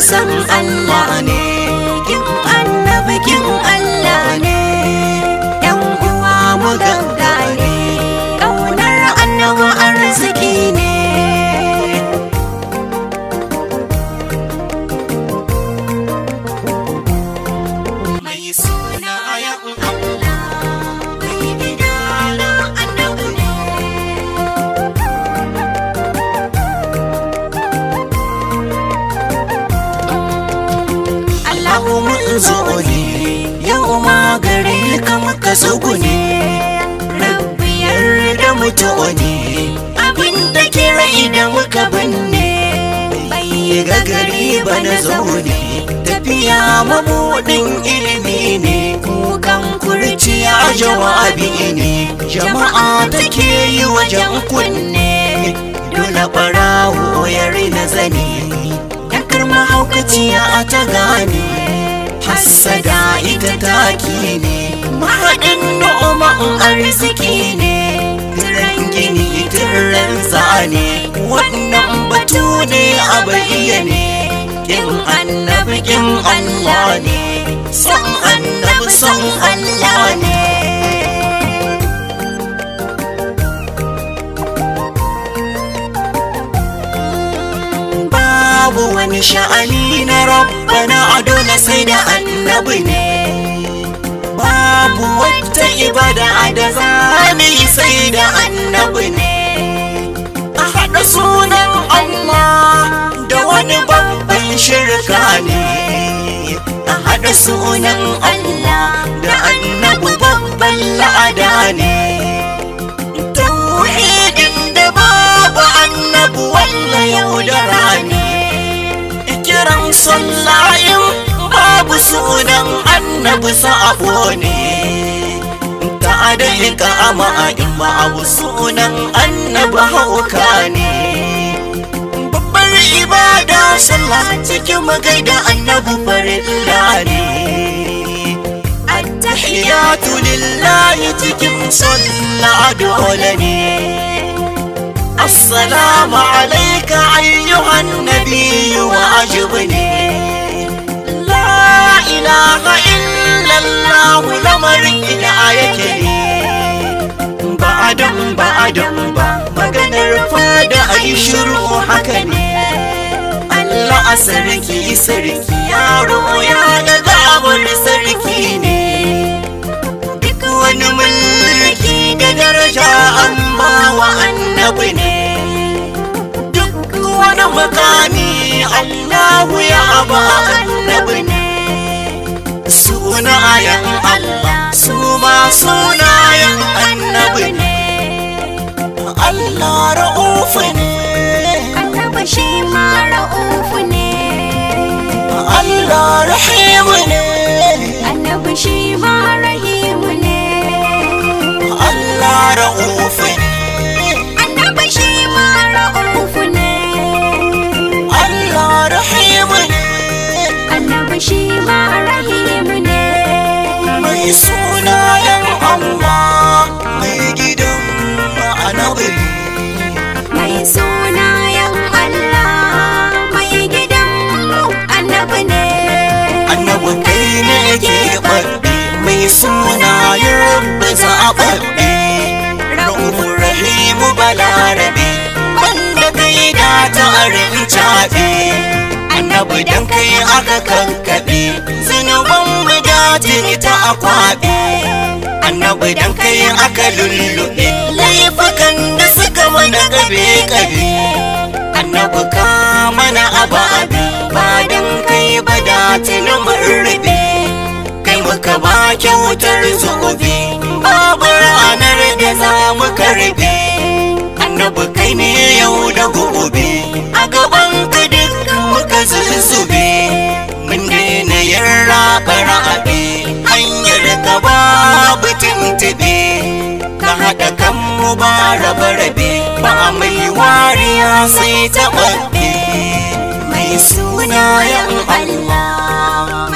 san Allah ne daga gari ba na zaune tafiya mabuɗin ilimi ne kukan kurciya jawabi ne jama'a take yi wajen kunne dole ɓarawo ya rina zane Ya yakar mahaukaciya a ta gane hassada ita taki ne mahaɗin noma arziki ne tiran gini tiran zane wannan karatu ne a bayyane kin annabi kin Allah ne san annabi san Allah ne babu wani sha'ani na rabbana adona sai da annabi ne babu wata ibada da yi sai da annabi ne gane a haɗa sunan Allah da annabu babban la'ada ne tauhidin da babu annabu walla yau da rane kiran sallayin babu sunan annabu sa'abo ne ta da ka in ma abu sunan annabu hauka ne Allah cikin magaida annabu farilla ne attahiyatu lillahi cikin sallah dole ne assalamu alayka ayyuhan nabiyyu wa ajibni la ilaha illallah lamarin ina yake ne ba'adan ba'adan ba maganar fada yi shiru haka ne sarki sarki yaro ya ga gawar sarki ne duk wani mulki da daraja an wa annabi ne duk wani makami allahu ya ba annabi ne sunayen allah su ma sunayen annabi ne allah ra'ufu ne 希望。zaɓaɓɓe Rauhun Rahimu Balarabe Banda kai da ta arin caɓe Annabi dan kai aka kankaɓe Zunuban mu da tuni ta akwaɓe Annabi dan kai aka lulluɓe Laifukan da suka mana gabe-gabe Annabi ka mana abu-abu Ba dan kai ba da tuni mun Kai muka ba kyautar zuɓe Ba za mu karbe annabi kai ne yau da gobe a gaban ka duk muka zuzzube mun daina yarra rabe hanyar ka babu tuntube ka haɗa kan mu ba rabe ba mai wariya sai ta mai suna yan Allah